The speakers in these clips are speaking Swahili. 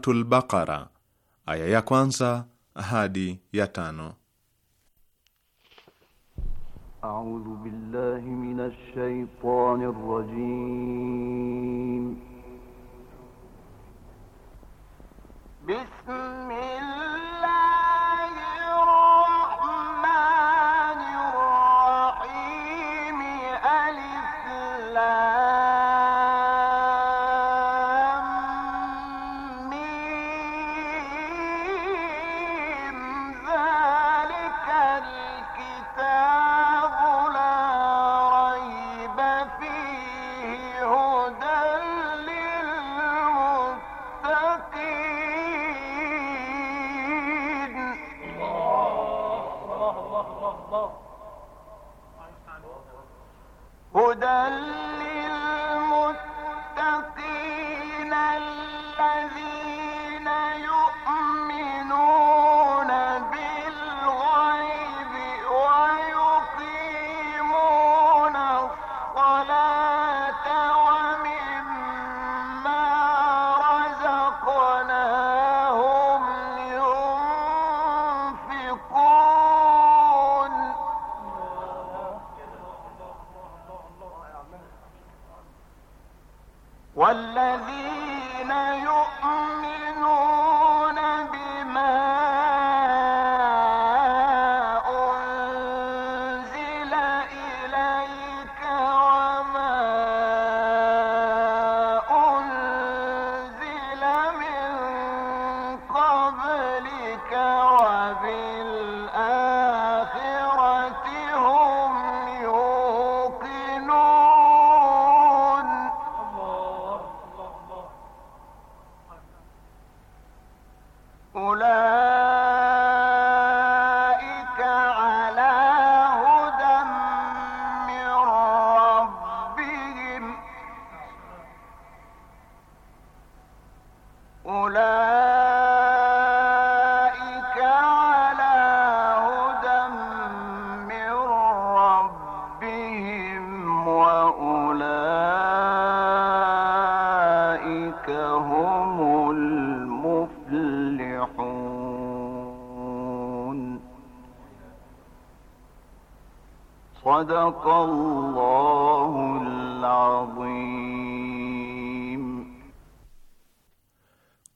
Suratul Baqara aya ya kwanza hadi ya tano. A'udhu billahi minash shaitanir rajim. Bismillah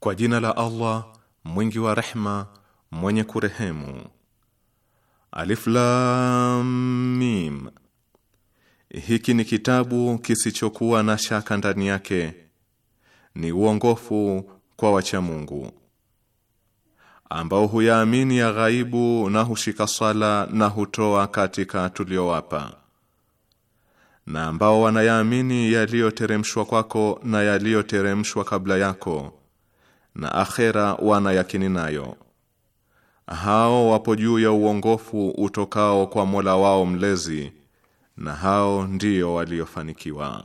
Kwa jina la Allah mwingi wa rehma mwenye kurehemu. Alif Lam Mim. Hiki ni kitabu kisichokuwa na shaka ndani yake, ni uongofu kwa wacha Mungu ambao huyaamini ya ghaibu na hushika sala na hutoa katika tuliowapa na ambao wanayaamini yaliyoteremshwa kwako na yaliyoteremshwa kabla yako na akhera wanayakini nayo. Hao wapo juu ya uongofu utokao kwa Mola wao mlezi na hao ndio waliofanikiwa.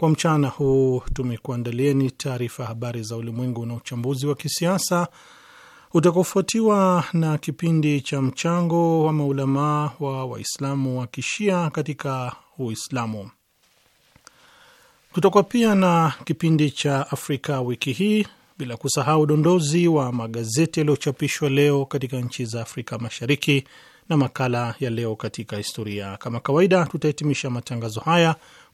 Kwa mchana huu tumekuandalieni taarifa habari za ulimwengu na uchambuzi wa kisiasa utakofuatiwa na kipindi cha mchango wa maulamaa wa Waislamu wa kishia katika Uislamu. Tutakuwa pia na kipindi cha Afrika wiki hii, bila kusahau udondozi wa magazeti yaliyochapishwa leo katika nchi za Afrika Mashariki na makala ya leo katika historia. Kama kawaida, tutahitimisha matangazo haya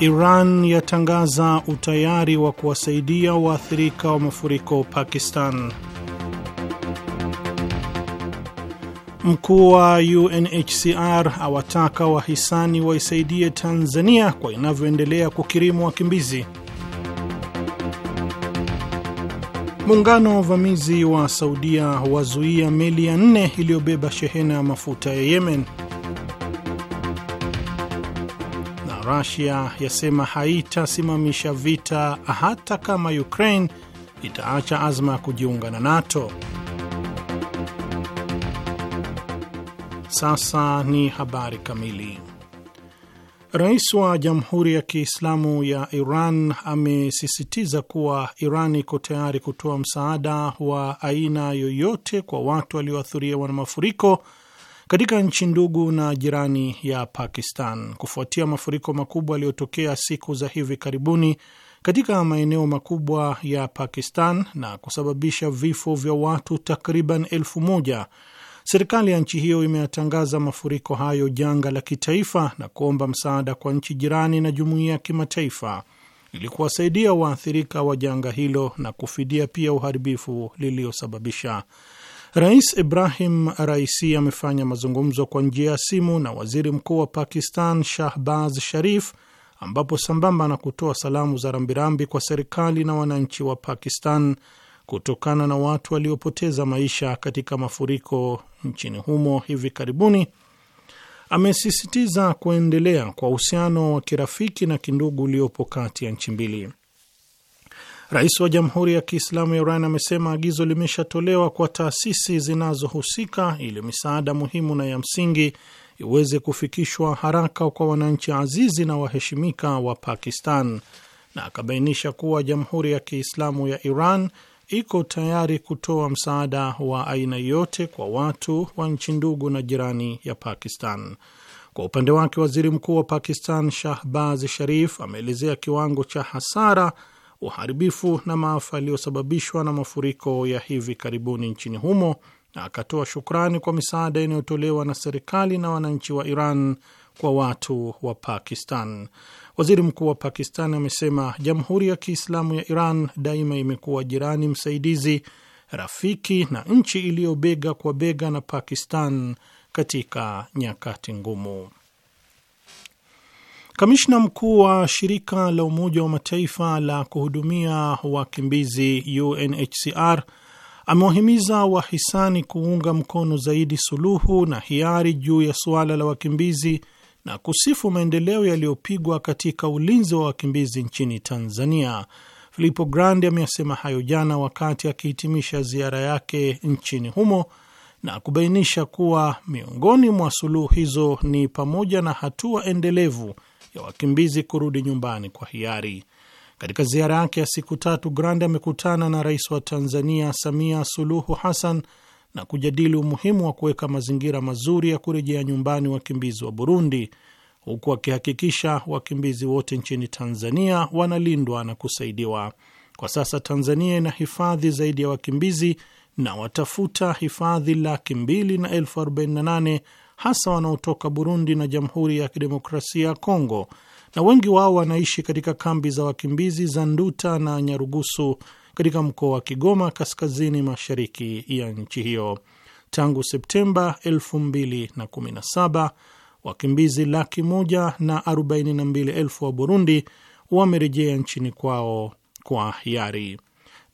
Iran yatangaza utayari wa kuwasaidia waathirika wa mafuriko Pakistan. Mkuu wa UNHCR awataka wahisani waisaidie Tanzania kwa inavyoendelea kukirimu wakimbizi. Muungano wa uvamizi wa Saudia wazuia meli ya nne iliyobeba shehena ya mafuta ya Yemen. Rasia yasema haitasimamisha vita hata kama Ukraine itaacha azma ya kujiunga na NATO. Sasa ni habari kamili. Rais wa Jamhuri ya Kiislamu ya Iran amesisitiza kuwa Iran iko tayari kutoa msaada wa aina yoyote kwa watu walioathiriwa na mafuriko katika nchi ndugu na jirani ya Pakistan kufuatia mafuriko makubwa yaliyotokea siku za hivi karibuni katika maeneo makubwa ya Pakistan na kusababisha vifo vya watu takriban elfu moja. Serikali ya nchi hiyo imeyatangaza mafuriko hayo janga la kitaifa na kuomba msaada kwa nchi jirani na jumuiya ya kimataifa ili kuwasaidia waathirika wa janga hilo na kufidia pia uharibifu liliyosababisha. Rais Ibrahim Raisi amefanya mazungumzo kwa njia ya simu na waziri mkuu wa Pakistan Shahbaz Sharif, ambapo sambamba na kutoa salamu za rambirambi kwa serikali na wananchi wa Pakistan kutokana na watu waliopoteza maisha katika mafuriko nchini humo hivi karibuni, amesisitiza kuendelea kwa uhusiano wa kirafiki na kindugu uliopo kati ya nchi mbili. Rais wa Jamhuri ya Kiislamu ya Iran amesema agizo limeshatolewa kwa taasisi zinazohusika ili misaada muhimu na ya msingi iweze kufikishwa haraka kwa wananchi azizi na waheshimika wa Pakistan, na akabainisha kuwa Jamhuri ya Kiislamu ya Iran iko tayari kutoa msaada wa aina yote kwa watu wa nchi ndugu na jirani ya Pakistan. Kwa upande wake, waziri mkuu wa Pakistan Shahbaz Sharif ameelezea kiwango cha hasara uharibifu na maafa yaliyosababishwa na mafuriko ya hivi karibuni nchini humo na akatoa shukrani kwa misaada inayotolewa na serikali na wananchi wa Iran kwa watu wa Pakistan. Waziri mkuu wa Pakistan amesema Jamhuri ya Kiislamu ya Iran daima imekuwa jirani msaidizi, rafiki na nchi iliyobega kwa bega na Pakistan katika nyakati ngumu. Kamishna mkuu wa shirika la Umoja wa Mataifa la kuhudumia wakimbizi UNHCR amewahimiza wahisani kuunga mkono zaidi suluhu na hiari juu ya suala la wakimbizi na kusifu maendeleo yaliyopigwa katika ulinzi wa wakimbizi nchini Tanzania. Filipo Grandi ameyasema hayo jana wakati akihitimisha ziara yake nchini humo na kubainisha kuwa miongoni mwa suluhu hizo ni pamoja na hatua endelevu ya wakimbizi kurudi nyumbani kwa hiari. Katika ziara yake ya siku tatu, grand amekutana na rais wa Tanzania Samia Suluhu Hassan na kujadili umuhimu wa kuweka mazingira mazuri ya kurejea nyumbani wakimbizi wa Burundi, huku akihakikisha wakimbizi wote nchini Tanzania wanalindwa na kusaidiwa. Kwa sasa Tanzania ina hifadhi zaidi ya wakimbizi na watafuta hifadhi laki mbili na elfu arobaini na nane hasa wanaotoka Burundi na Jamhuri ya Kidemokrasia ya Kongo, na wengi wao wanaishi katika kambi za wakimbizi za Nduta na Nyarugusu katika mkoa wa Kigoma, kaskazini mashariki ya nchi hiyo. Tangu Septemba 2017 wakimbizi laki moja na arobaini na mbili elfu wa Burundi wamerejea nchini kwao kwa hiari.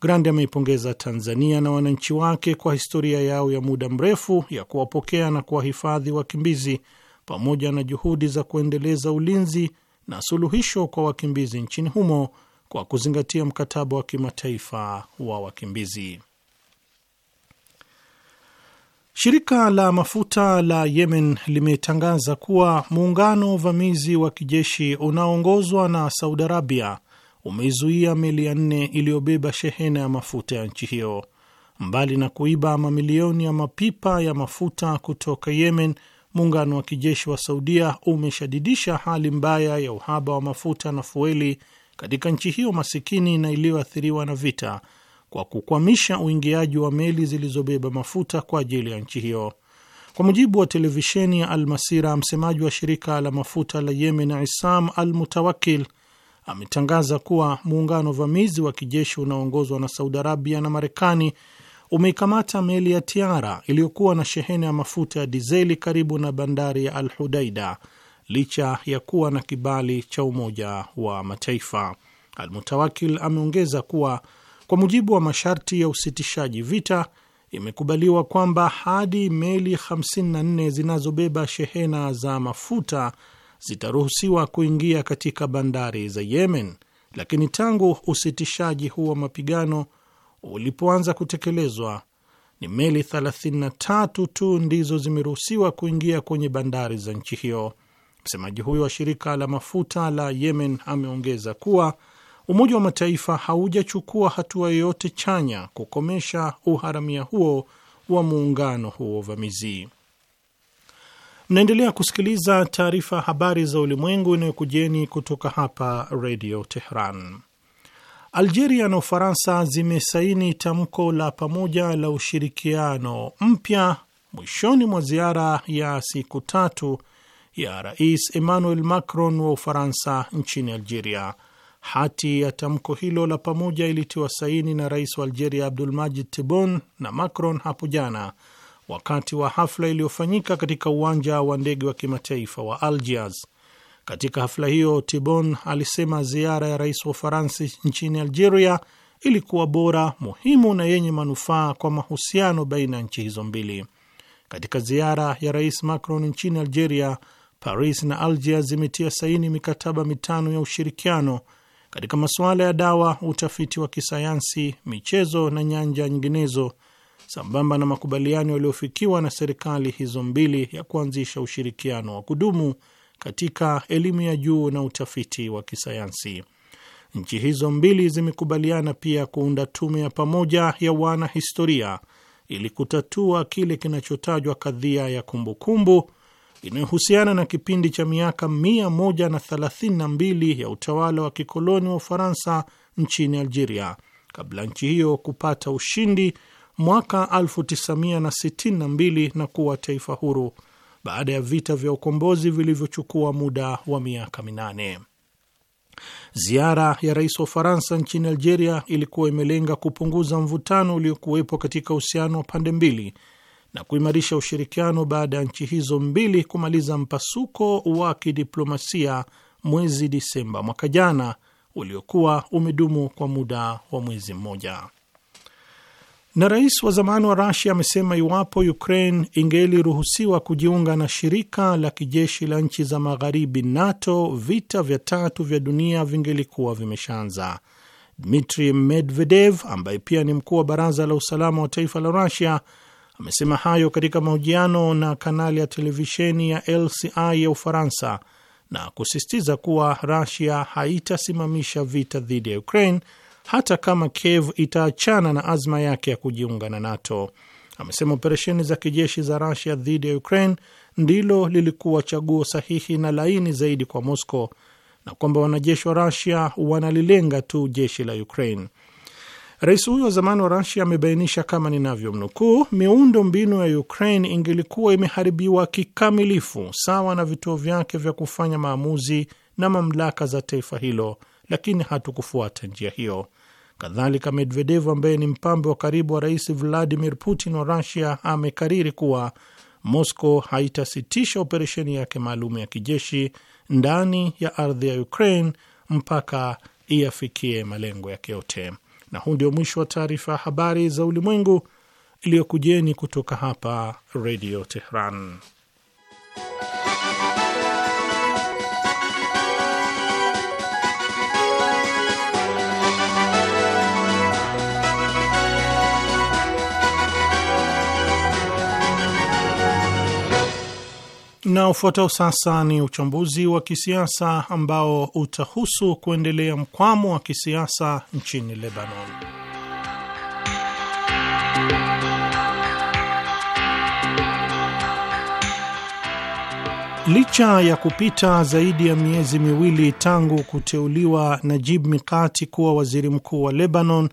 Grandi ameipongeza Tanzania na wananchi wake kwa historia yao ya muda mrefu ya kuwapokea na kuwahifadhi wakimbizi pamoja na juhudi za kuendeleza ulinzi na suluhisho kwa wakimbizi nchini humo kwa kuzingatia mkataba wa kimataifa wa wakimbizi. Shirika la mafuta la Yemen limetangaza kuwa muungano uvamizi wa kijeshi unaoongozwa na Saudi Arabia umeizuia meli ya nne iliyobeba shehena ya mafuta ya nchi hiyo, mbali na kuiba mamilioni ya mapipa ya mafuta kutoka Yemen. Muungano wa kijeshi wa Saudia umeshadidisha hali mbaya ya uhaba wa mafuta na fueli katika nchi hiyo masikini na iliyoathiriwa na vita kwa kukwamisha uingiaji wa meli zilizobeba mafuta kwa ajili ya nchi hiyo. Kwa mujibu wa televisheni ya Almasira, msemaji wa shirika la mafuta la Yemen Isam Al Mutawakil ametangaza kuwa muungano vamizi wa kijeshi unaoongozwa na Saudi Arabia na Marekani umeikamata meli ya Tiara iliyokuwa na shehena ya mafuta ya dizeli karibu na bandari ya Al Hudaida licha ya kuwa na kibali cha Umoja wa Mataifa. Almutawakil ameongeza kuwa kwa mujibu wa masharti ya usitishaji vita imekubaliwa kwamba hadi meli 54 zinazobeba shehena za mafuta zitaruhusiwa kuingia katika bandari za Yemen, lakini tangu usitishaji huu wa mapigano ulipoanza kutekelezwa ni meli 33 tu ndizo zimeruhusiwa kuingia kwenye bandari za nchi hiyo. Msemaji huyo wa shirika la mafuta la Yemen ameongeza kuwa Umoja wa Mataifa haujachukua hatua yoyote chanya kukomesha uharamia huo wa muungano huo vamizi. Mnaendelea kusikiliza taarifa ya habari za ulimwengu inayokujeni kutoka hapa redio Tehran. Algeria na Ufaransa zimesaini tamko la pamoja la ushirikiano mpya mwishoni mwa ziara ya siku tatu ya Rais Emmanuel Macron wa Ufaransa nchini Algeria. Hati ya tamko hilo la pamoja ilitiwa saini na rais wa Algeria Abdul Majid Tebboune na Macron hapo jana wakati wa hafla iliyofanyika katika uwanja wa ndege wa kimataifa wa Algiers. Katika hafla hiyo, tibon alisema ziara ya rais wa Ufaransa nchini Algeria ilikuwa bora, muhimu na yenye manufaa kwa mahusiano baina ya nchi hizo mbili. Katika ziara ya rais Macron nchini Algeria, Paris na Algiers zimetia saini mikataba mitano ya ushirikiano katika masuala ya dawa, utafiti wa kisayansi, michezo na nyanja nyinginezo sambamba na makubaliano yaliyofikiwa na serikali hizo mbili ya kuanzisha ushirikiano wa kudumu katika elimu ya juu na utafiti wa kisayansi. Nchi hizo mbili zimekubaliana pia kuunda tume ya pamoja ya wanahistoria ili kutatua kile kinachotajwa kadhia ya kumbukumbu inayohusiana na kipindi cha miaka 132 ya utawala wa kikoloni wa Ufaransa nchini Algeria kabla nchi hiyo kupata ushindi mwaka 1962 na, kuwa taifa huru baada ya vita vya ukombozi vilivyochukua muda wa miaka minane. Ziara ya rais wa Ufaransa nchini Algeria ilikuwa imelenga kupunguza mvutano uliokuwepo katika uhusiano wa pande mbili na kuimarisha ushirikiano baada ya nchi hizo mbili kumaliza mpasuko wa kidiplomasia mwezi Disemba mwaka jana uliokuwa umedumu kwa muda wa mwezi mmoja. Na rais wa zamani wa Rasia amesema iwapo Ukraine ingeliruhusiwa kujiunga na shirika la kijeshi la nchi za magharibi NATO, vita vya tatu vya dunia vingelikuwa vimeshaanza. Dmitri Medvedev ambaye pia ni mkuu wa baraza la usalama wa taifa la Rasia amesema hayo katika mahojiano na kanali ya televisheni ya LCI ya Ufaransa na kusisitiza kuwa Rasia haitasimamisha vita dhidi ya Ukraine hata kama Kiev itaachana na azma yake ya kujiunga na NATO. Amesema operesheni za kijeshi za Rusia dhidi ya Ukraine ndilo lilikuwa chaguo sahihi na laini zaidi kwa Moscow na kwamba wanajeshi wa Rusia wanalilenga tu jeshi la Ukraine. Rais huyo wa zamani wa Rusia amebainisha kama ninavyomnukuu, miundo mbinu ya Ukraine ingelikuwa imeharibiwa kikamilifu, sawa na vituo vyake vya kufanya maamuzi na mamlaka za taifa hilo lakini hatukufuata njia hiyo. Kadhalika, Medvedev ambaye ni mpambe wa karibu wa rais Vladimir Putin wa Rusia amekariri kuwa Moscow haitasitisha operesheni yake maalum ya kijeshi ndani ya ardhi ya Ukraine mpaka iyafikie malengo yake yote. Na huu ndio mwisho wa taarifa ya habari za ulimwengu iliyokujeni kutoka hapa Redio Tehran. Na ufuatao sasa ni uchambuzi wa kisiasa ambao utahusu kuendelea mkwamo wa kisiasa nchini Lebanon. Licha ya kupita zaidi ya miezi miwili tangu kuteuliwa Najib Mikati kuwa waziri mkuu wa Lebanon,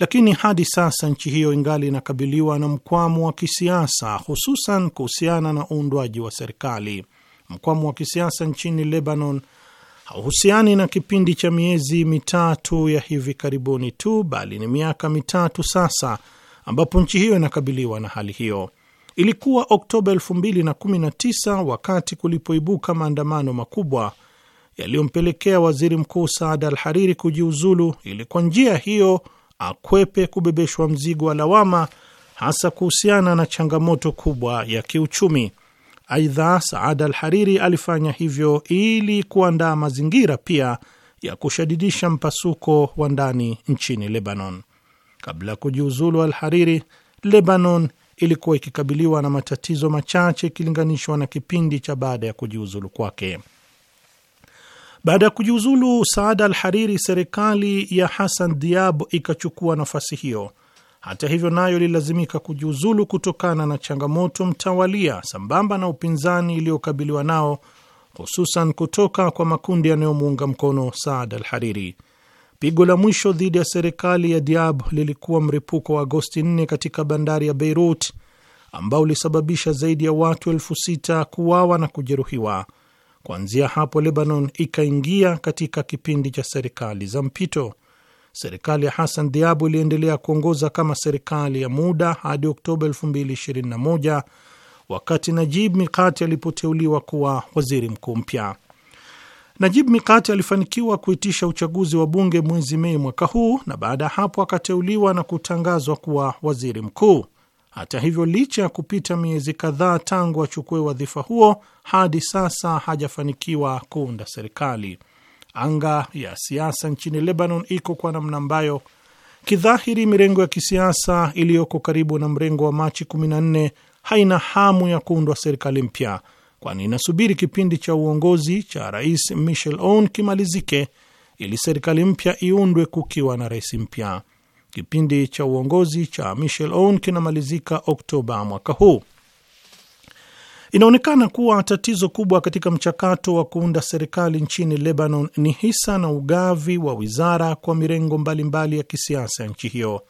lakini hadi sasa nchi hiyo ingali inakabiliwa na mkwamo wa kisiasa, hususan kuhusiana na uundwaji wa serikali. Mkwamo wa kisiasa nchini Lebanon hauhusiani na kipindi cha miezi mitatu ya hivi karibuni tu, bali ni miaka mitatu sasa ambapo nchi hiyo inakabiliwa na hali hiyo. Ilikuwa Oktoba 2019 wakati kulipoibuka maandamano makubwa yaliyompelekea waziri mkuu Saad al Hariri kujiuzulu, ili kwa njia hiyo akwepe kubebeshwa mzigo wa lawama, hasa kuhusiana na changamoto kubwa ya kiuchumi. Aidha, Saad al-Hariri alifanya hivyo ili kuandaa mazingira pia ya kushadidisha mpasuko wa ndani nchini Lebanon. Kabla ya kujiuzulu al-Hariri, Lebanon ilikuwa ikikabiliwa na matatizo machache ikilinganishwa na kipindi cha baada ya kujiuzulu kwake. Baada ya kujiuzulu Saada al hariri serikali ya Hasan Diab ikachukua nafasi hiyo. Hata hivyo, nayo ililazimika kujiuzulu kutokana na changamoto mtawalia sambamba na upinzani iliyokabiliwa nao, hususan kutoka kwa makundi yanayomuunga mkono Saada hariri Pigo la mwisho dhidi ya serikali ya Diab lilikuwa mripuko wa Agosti 4 katika bandari ya Beirut ambao ulisababisha zaidi ya watu elfu sita kuuawa na kujeruhiwa Kuanzia hapo Lebanon ikaingia katika kipindi cha serikali za mpito. Serikali ya Hassan Diabu iliendelea kuongoza kama serikali ya muda hadi Oktoba 2021 wakati Najib Mikati alipoteuliwa kuwa waziri mkuu mpya. Najib Mikati alifanikiwa kuitisha uchaguzi wa bunge mwezi Mei mwaka huu, na baada ya hapo akateuliwa na kutangazwa kuwa waziri mkuu. Hata hivyo, licha ya kupita miezi kadhaa tangu achukue wadhifa huo, hadi sasa hajafanikiwa kuunda serikali. Anga ya siasa nchini Lebanon iko kwa namna ambayo kidhahiri mirengo ya kisiasa iliyoko karibu na mrengo wa Machi 14 haina hamu ya kuundwa serikali mpya, kwani inasubiri kipindi cha uongozi cha Rais Michel Aoun kimalizike ili serikali mpya iundwe kukiwa na rais mpya. Kipindi cha uongozi cha Michel Aoun kinamalizika Oktoba mwaka huu. Inaonekana kuwa tatizo kubwa katika mchakato wa kuunda serikali nchini Lebanon ni hisa na ugavi wa wizara kwa mirengo mbalimbali mbali ya kisiasa ya nchi hiyo.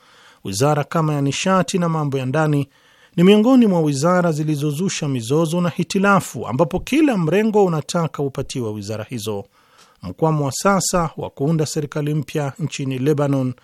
Wizara kama ya nishati na mambo ya ndani ni miongoni mwa wizara zilizozusha mizozo na hitilafu, ambapo kila mrengo unataka upatiwe wizara hizo. Mkwamo wa sasa wa kuunda serikali mpya nchini Lebanon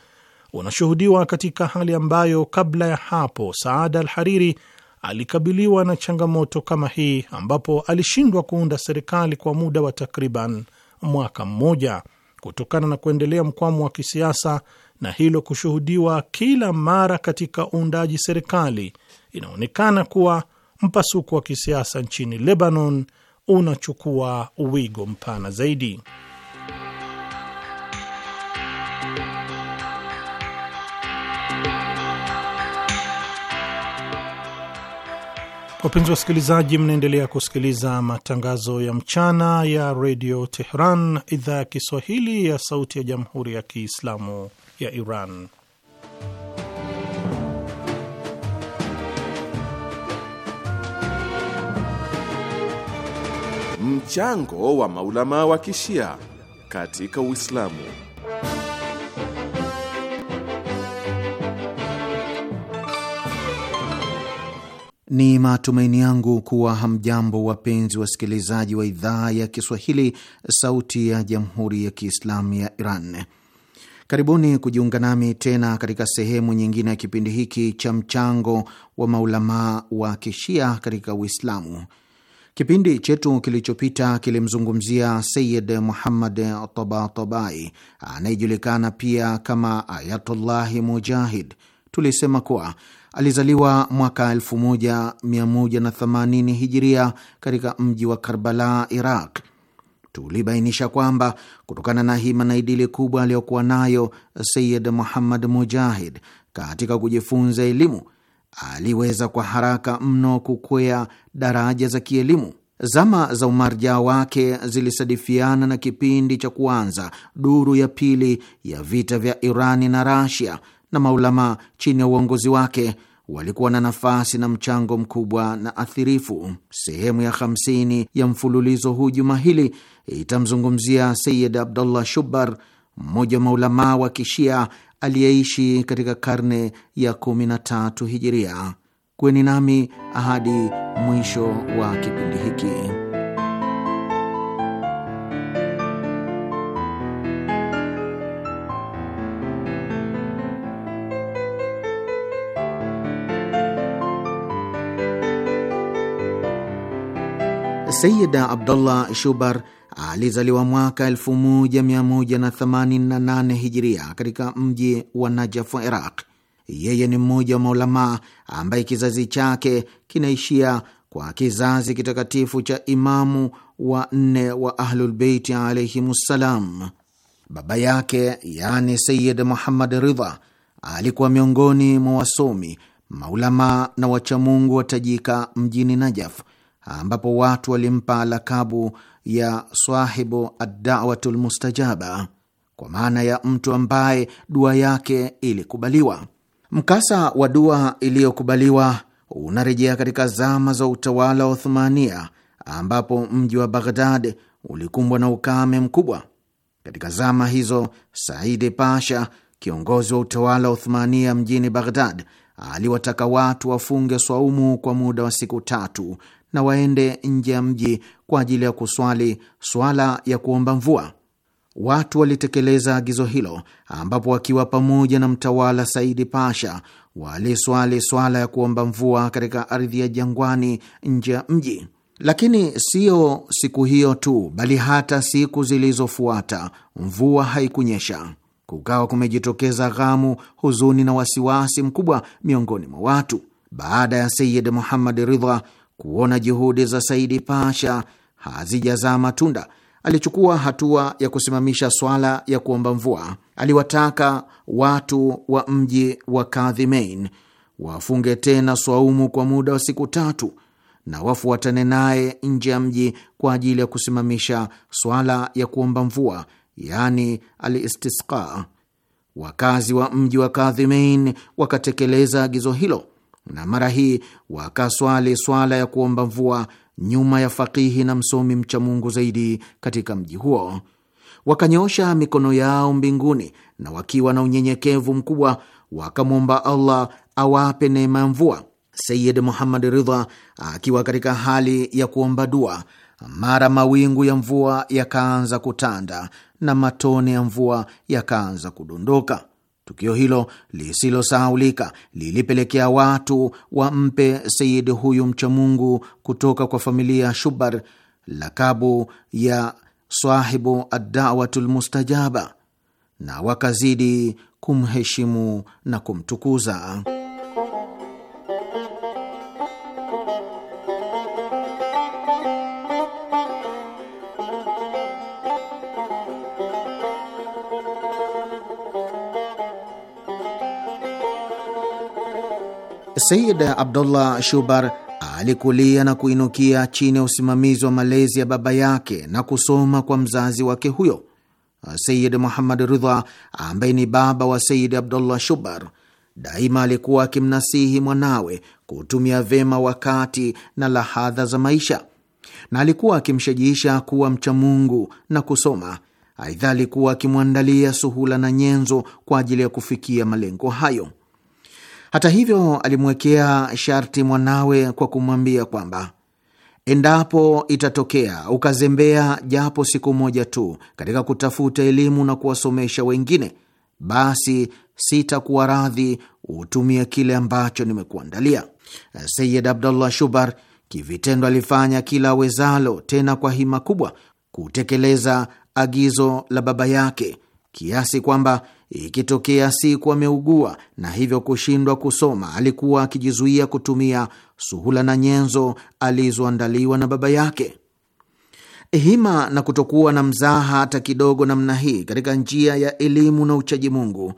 unashuhudiwa katika hali ambayo kabla ya hapo Saada al-Hariri alikabiliwa na changamoto kama hii, ambapo alishindwa kuunda serikali kwa muda wa takriban mwaka mmoja kutokana na kuendelea mkwamo wa kisiasa, na hilo kushuhudiwa kila mara katika uundaji serikali, inaonekana kuwa mpasuko wa kisiasa nchini Lebanon unachukua wigo mpana zaidi. Wapenzi wasikilizaji, mnaendelea kusikiliza matangazo ya mchana ya redio Tehran, idhaa ya Kiswahili ya sauti ya jamhuri ya Kiislamu ya Iran. Mchango wa maulama wa kishia katika Uislamu. Ni matumaini yangu kuwa hamjambo, wapenzi wasikilizaji wa idhaa ya Kiswahili, Sauti ya Jamhuri ya Kiislamu ya Iran. Karibuni kujiunga nami tena katika sehemu nyingine ya kipindi hiki cha mchango wa maulamaa wa kishia katika Uislamu. Kipindi chetu kilichopita kilimzungumzia Sayid Muhammad Tabatabai anayejulikana pia kama Ayatullahi Mujahid. Tulisema kuwa Alizaliwa mwaka 1180 hijiria katika mji wa Karbala, Iraq. Tulibainisha kwamba kutokana na hima na idili kubwa aliyokuwa nayo Sayid Muhammad Mujahid katika kujifunza elimu, aliweza kwa haraka mno kukwea daraja za kielimu. Zama za umarja wake zilisadifiana na kipindi cha kuanza duru ya pili ya vita vya Irani na Rasia na maulamaa chini ya uongozi wake walikuwa na nafasi na mchango mkubwa na athirifu. Sehemu ya 50 ya mfululizo huu juma hili itamzungumzia Sayid Abdullah Shubar, mmoja wa maulamaa wa kishia aliyeishi katika karne ya 13 hijiria. Kweni nami ahadi mwisho wa kipindi hiki. Sayida Abdullah Shubar alizaliwa mwaka 1188 hijiria katika mji wa Najafu, Iraq. Yeye ni mmoja wa maulamaa ambaye kizazi chake kinaishia kwa kizazi kitakatifu cha imamu wa nne wa Ahlulbeiti alaihimussalam. Baba yake yani Sayid Muhammad Ridha alikuwa miongoni mwa wasomi, maulamaa na wachamungu watajika mjini Najaf ambapo watu walimpa lakabu ya swahibu Adawatu lmustajaba, kwa maana ya mtu ambaye dua yake ilikubaliwa. Mkasa wa dua iliyokubaliwa unarejea katika zama za utawala wa Uthumania, ambapo mji wa Baghdad ulikumbwa na ukame mkubwa. Katika zama hizo, Saidi Pasha, kiongozi wa utawala wa Uthumania mjini Baghdad, aliwataka watu wafunge swaumu kwa muda wa siku tatu na waende nje ya mji kwa ajili ya kuswali swala ya kuomba mvua. Watu walitekeleza agizo hilo, ambapo wakiwa pamoja na mtawala Saidi Pasha waliswali swala ya kuomba mvua katika ardhi ya jangwani nje ya mji. Lakini siyo siku hiyo tu, bali hata siku zilizofuata mvua haikunyesha. Kukawa kumejitokeza ghamu, huzuni na wasiwasi mkubwa miongoni mwa watu baada ya Sayid Muhammad Ridha kuona juhudi za Saidi Pasha hazijazaa matunda, alichukua hatua ya kusimamisha swala ya kuomba mvua. Aliwataka watu wa mji wa Kadhimain wafunge tena swaumu kwa muda wa siku tatu na wafuatane naye nje ya mji kwa ajili ya kusimamisha swala ya kuomba mvua, yaani alistisqa. Wakazi wa mji wa Kadhimain wakatekeleza agizo hilo na mara hii wakaswali swala ya kuomba mvua nyuma ya fakihi na msomi mcha mungu zaidi katika mji huo. wakanyosha mikono yao mbinguni na wakiwa na unyenyekevu mkubwa wakamwomba Allah awape neema ya mvua. Sayid Muhammad Ridha akiwa katika hali ya kuomba dua, mara mawingu ya mvua yakaanza kutanda na matone ya mvua yakaanza kudondoka. Tukio hilo lisilosahaulika lilipelekea watu wampe Sayid huyu mchamungu kutoka kwa familia ya Shubar lakabu ya swahibu adawatu lmustajaba na wakazidi kumheshimu na kumtukuza. Sayid Abdullah Shubar alikulia na kuinukia chini ya usimamizi wa malezi ya baba yake na kusoma kwa mzazi wake huyo. Sayid Muhammad Ridha, ambaye ni baba wa Sayid Abdullah Shubar, daima alikuwa akimnasihi mwanawe kutumia vyema wakati na lahadha za maisha, na alikuwa akimshajiisha kuwa mcha Mungu na kusoma. Aidha, alikuwa akimwandalia suhula na nyenzo kwa ajili ya kufikia malengo hayo. Hata hivyo, alimwekea sharti mwanawe kwa kumwambia kwamba endapo itatokea ukazembea japo siku moja tu katika kutafuta elimu na kuwasomesha wengine, basi sitakuwa radhi utumie kile ambacho nimekuandalia. Sayid Abdullah Shubar kivitendo alifanya kila awezalo, tena kwa hima kubwa, kutekeleza agizo la baba yake kiasi kwamba Ikitokea siku ameugua na hivyo kushindwa kusoma, alikuwa akijizuia kutumia suhula na nyenzo alizoandaliwa na baba yake. Hima na kutokuwa na mzaha hata kidogo namna hii katika njia ya elimu na uchaji Mungu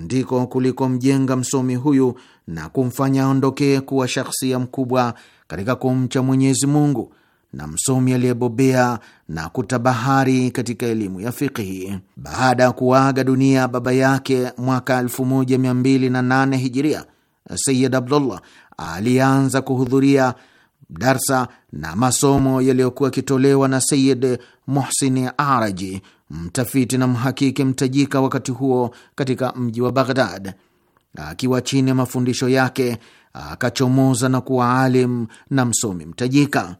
ndiko kulikomjenga msomi huyu na kumfanya aondokee kuwa shakhsia mkubwa katika kumcha Mwenyezi Mungu na msomi aliyebobea na kutabahari katika elimu ya fiqhi. Baada ya kuaga dunia baba yake mwaka 1208 Hijiria, Sayid Abdullah alianza kuhudhuria darsa na masomo yaliyokuwa akitolewa na Sayid Muhsini Araji, mtafiti na mhakiki mtajika wakati huo katika mji wa Baghdad. Akiwa chini ya mafundisho yake akachomoza na kuwa alim na msomi mtajika.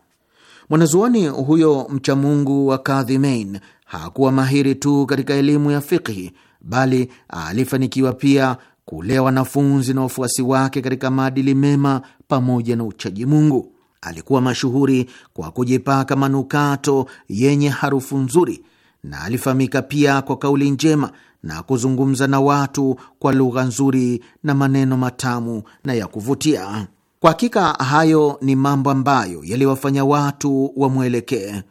Mwanazuoni huyo mchamungu wa Kadhimain hakuwa mahiri tu katika elimu ya fikhi bali alifanikiwa pia kulea wanafunzi na wafuasi wake katika maadili mema pamoja na uchaji Mungu. Alikuwa mashuhuri kwa kujipaka manukato yenye harufu nzuri na alifahamika pia kwa kauli njema na kuzungumza na watu kwa lugha nzuri na maneno matamu na ya kuvutia. Kwa hakika hayo ni mambo ambayo yaliwafanya watu wamwelekee.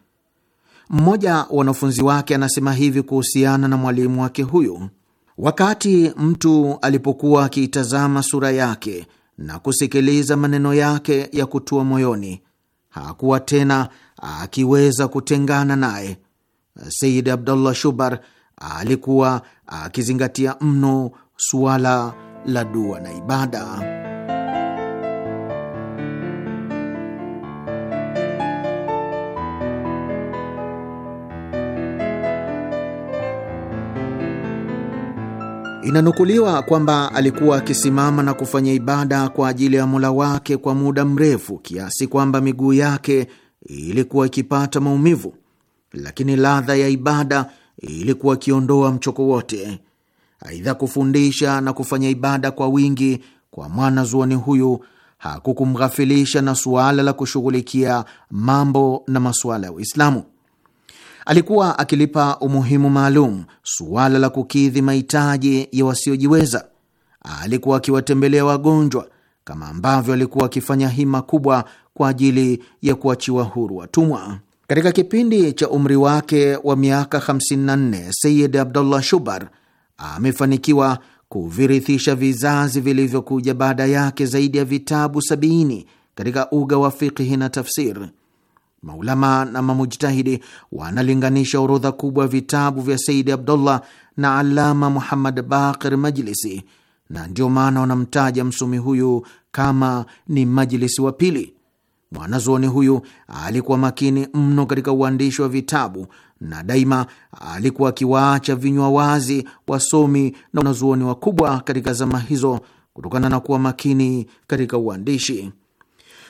Mmoja wa wanafunzi wake anasema hivi kuhusiana na mwalimu wake huyu: wakati mtu alipokuwa akiitazama sura yake na kusikiliza maneno yake ya kutua moyoni, hakuwa tena akiweza kutengana naye. Sayid Abdullah Shubar alikuwa akizingatia mno suala la dua na ibada. Inanukuliwa kwamba alikuwa akisimama na kufanya ibada kwa ajili ya Mola wake kwa muda mrefu kiasi kwamba miguu yake ilikuwa ikipata maumivu, lakini ladha ya ibada ilikuwa ikiondoa mchoko wote. Aidha, kufundisha na kufanya ibada kwa wingi kwa mwanazuoni huyu hakukumghafilisha na suala la kushughulikia mambo na masuala ya Uislamu. Alikuwa akilipa umuhimu maalum suala la kukidhi mahitaji ya wasiojiweza. Alikuwa akiwatembelea wagonjwa, kama ambavyo alikuwa akifanya hima kubwa kwa ajili ya kuachiwa huru watumwa. Katika kipindi cha umri wake wa miaka 54 Sayid Abdullah Shubar amefanikiwa kuvirithisha vizazi vilivyokuja baada yake zaidi ya vitabu 70 katika uga wa fikhi na tafsir. Maulama na mamujtahidi wanalinganisha orodha kubwa ya vitabu vya Saidi Abdullah na Alama Muhammad Baqir Majlisi, na ndio maana wanamtaja msomi huyu kama ni Majlisi wa pili. Mwanazuoni huyu alikuwa makini mno katika uandishi wa vitabu na daima alikuwa akiwaacha vinywa wazi wasomi na wanazuoni wakubwa katika zama hizo kutokana na kuwa makini katika uandishi.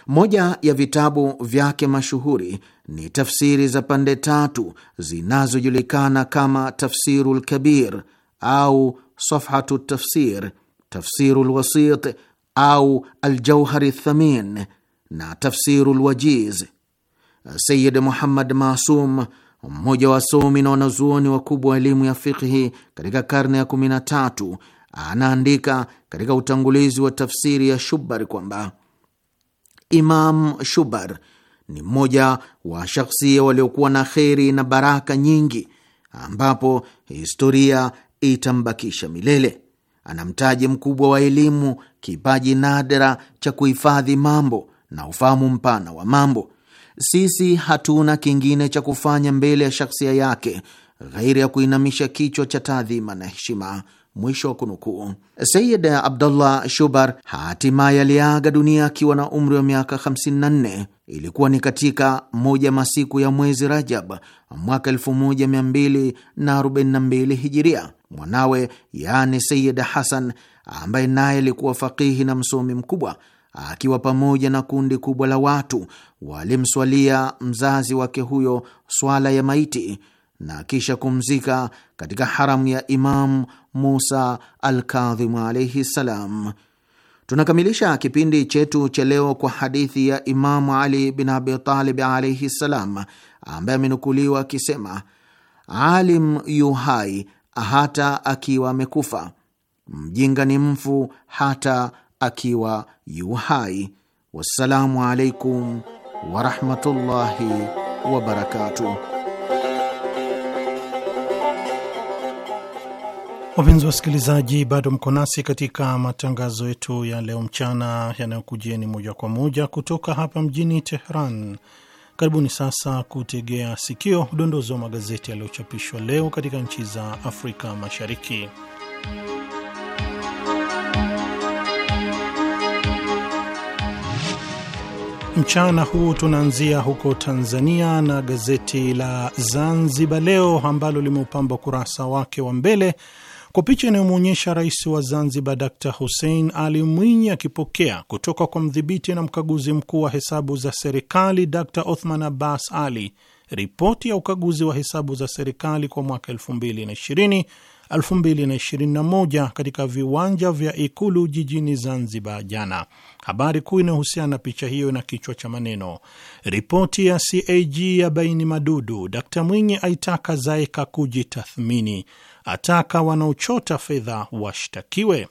Moja ya vitabu vyake mashuhuri ni tafsiri za pande tatu zinazojulikana kama Tafsiru lkabir au Safhatu Tafsir, Tafsiru lwasit au Aljauhari Thamin na Tafsiru lwajiz. Sayid Muhammad Masum, mmoja wa somi na wanazuoni wakubwa wa elimu ya fikhi katika karne ya 13, anaandika katika utangulizi wa tafsiri ya Shubari kwamba Imam Shubar ni mmoja wa shakhsia waliokuwa na kheri na baraka nyingi, ambapo historia itambakisha milele. Ana mtaji mkubwa wa elimu, kipaji nadra cha kuhifadhi mambo na ufahamu mpana wa mambo. Sisi hatuna kingine cha kufanya mbele ya shakhsia yake ghairi ya kuinamisha kichwa cha taadhima na heshima Mwisho wa kunukuu. Sayid Abdullah Shubar hatimaye aliaga dunia akiwa na umri wa miaka 54. Ilikuwa ni katika moja masiku ya mwezi Rajab mwaka 1242 Hijiria. Mwanawe yani Sayid Hasan, ambaye naye alikuwa fakihi na msomi mkubwa, akiwa pamoja na kundi kubwa la watu, walimswalia mzazi wake huyo swala ya maiti na kisha kumzika katika haramu ya Imam Musa Alkadhimu alaihi ssalam. Tunakamilisha kipindi chetu cha leo kwa hadithi ya Imamu Ali bin Abitalib alaihi ssalam, ambaye amenukuliwa akisema, alim yu hai hata akiwa amekufa, mjinga ni mfu hata akiwa yu hai. Wassalamu alaikum warahmatullahi wabarakatuh. Wapenzi wasikilizaji, bado mko nasi katika matangazo yetu ya leo mchana yanayokujieni moja kwa moja kutoka hapa mjini Tehran. Karibuni sasa kutegea sikio udondozi wa magazeti yaliyochapishwa leo katika nchi za Afrika Mashariki. Mchana huu tunaanzia huko Tanzania na gazeti la Zanzibar Leo ambalo limeupamba ukurasa wake wa mbele kwa picha inayomwonyesha rais wa Zanzibar Dkt Hussein Ali Mwinyi akipokea kutoka kwa mdhibiti na mkaguzi mkuu wa hesabu za serikali Dr Othman Abbas Ali ripoti ya ukaguzi wa hesabu za serikali kwa mwaka 2020 2021 katika viwanja vya Ikulu jijini Zanzibar jana. Habari kuu inayohusiana na picha hiyo na kichwa cha maneno ripoti ya CAG ya baini madudu, Dkt Mwinyi aitaka Zaeka kujitathmini ataka wanaochota fedha washtakiwe.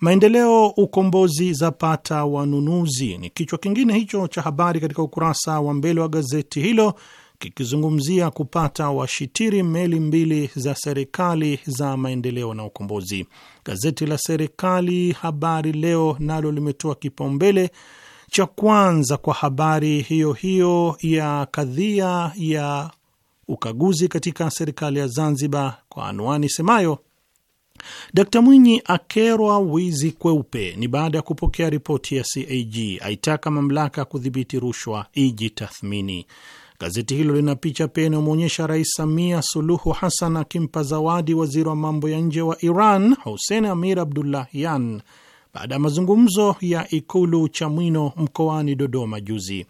Maendeleo ukombozi zapata wanunuzi ni kichwa kingine hicho cha habari katika ukurasa wa mbele wa gazeti hilo kikizungumzia kupata washitiri meli mbili za serikali za maendeleo na ukombozi. Gazeti la serikali Habari Leo nalo limetoa kipaumbele cha kwanza kwa habari hiyo hiyo ya kadhia ya ukaguzi katika serikali ya Zanzibar kwa anwani semayo Dkt Mwinyi akerwa wizi kweupe. Ni baada ya kupokea ripoti ya CAG aitaka mamlaka ya kudhibiti rushwa ijitathmini. Gazeti hilo lina picha pia inayomwonyesha Rais Samia Suluhu Hassan akimpa zawadi waziri wa mambo ya nje wa Iran Hussein Amir Abdullahian baada ya mazungumzo ya Ikulu Chamwino mkoani Dodoma juzi.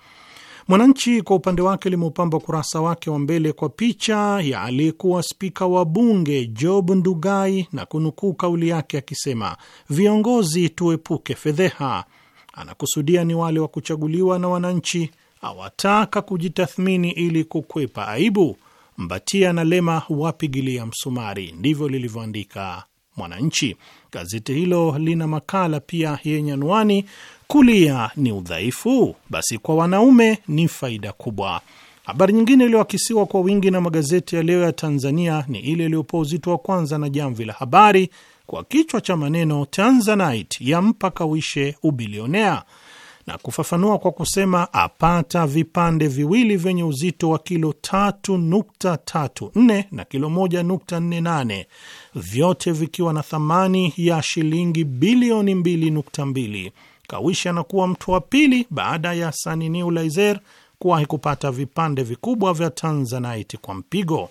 Mwananchi kwa upande wake limeupamba ukurasa wake wa mbele kwa picha ya aliyekuwa spika wa bunge Job Ndugai na kunukuu kauli yake akisema, viongozi tuepuke fedheha. Anakusudia ni wale wa kuchaguliwa na wananchi, awataka kujitathmini ili kukwepa aibu. Mbatia na Lema wapigilia msumari, ndivyo lilivyoandika Mwananchi. Gazeti hilo lina makala pia yenye anwani kulia ni udhaifu, basi kwa wanaume ni faida kubwa. Habari nyingine iliyoakisiwa kwa wingi na magazeti ya leo ya Tanzania ni ile iliyopoa uzito wa kwanza na Jamvi la Habari kwa kichwa cha maneno Tanzanite mpaka Kawishe ubilionea na kufafanua kwa kusema apata vipande viwili vyenye uzito wa kilo 3.34 na kilo 1.48 vyote vikiwa na thamani ya shilingi bilioni 2.2 Kawisha na kuwa mtu wa pili baada ya Saniniu Laizer kuwahi kupata vipande vikubwa vya tanzanite kwa mpigo.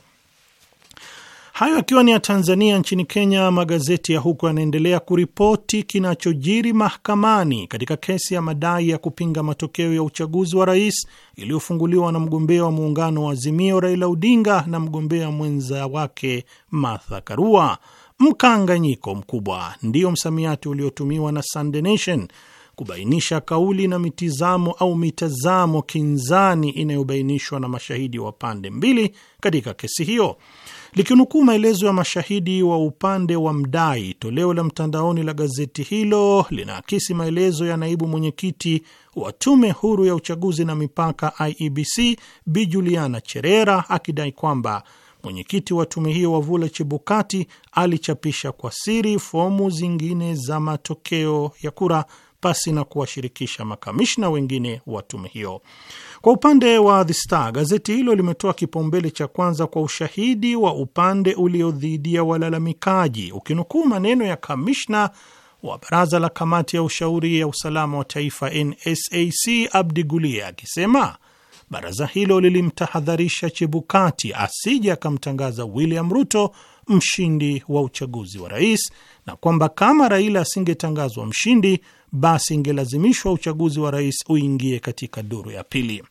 Hayo akiwa ni ya Tanzania. Nchini Kenya, magazeti ya huko yanaendelea kuripoti kinachojiri mahakamani katika kesi ya madai ya kupinga matokeo ya uchaguzi wa rais iliyofunguliwa na mgombea wa muungano wa Azimio Raila Odinga na mgombea mwenza wake Martha Karua. Mkanganyiko mkubwa ndiyo msamiati uliotumiwa na Sunday Nation kubainisha kauli na mitizamo au mitazamo kinzani inayobainishwa na mashahidi wa pande mbili katika kesi hiyo. Likinukuu maelezo ya mashahidi wa upande wa mdai, toleo la mtandaoni la gazeti hilo linaakisi maelezo ya naibu mwenyekiti wa tume huru ya uchaguzi na mipaka IEBC Bi Juliana Cherera akidai kwamba mwenyekiti wa tume hiyo Wavula Chebukati alichapisha kwa siri fomu zingine za matokeo ya kura pasi na kuwashirikisha makamishna wengine wa tume hiyo. Kwa upande wa The Star, gazeti hilo limetoa kipaumbele cha kwanza kwa ushahidi wa upande ulio dhidi ya walalamikaji, ukinukuu maneno ya kamishna wa baraza la kamati ya ushauri ya usalama wa taifa NSAC Abdi Gulia akisema baraza hilo lilimtahadharisha Chebukati asije akamtangaza William Ruto mshindi wa uchaguzi wa rais na kwamba kama Raila asingetangazwa mshindi basi ingelazimishwa uchaguzi wa rais uingie katika duru ya pili.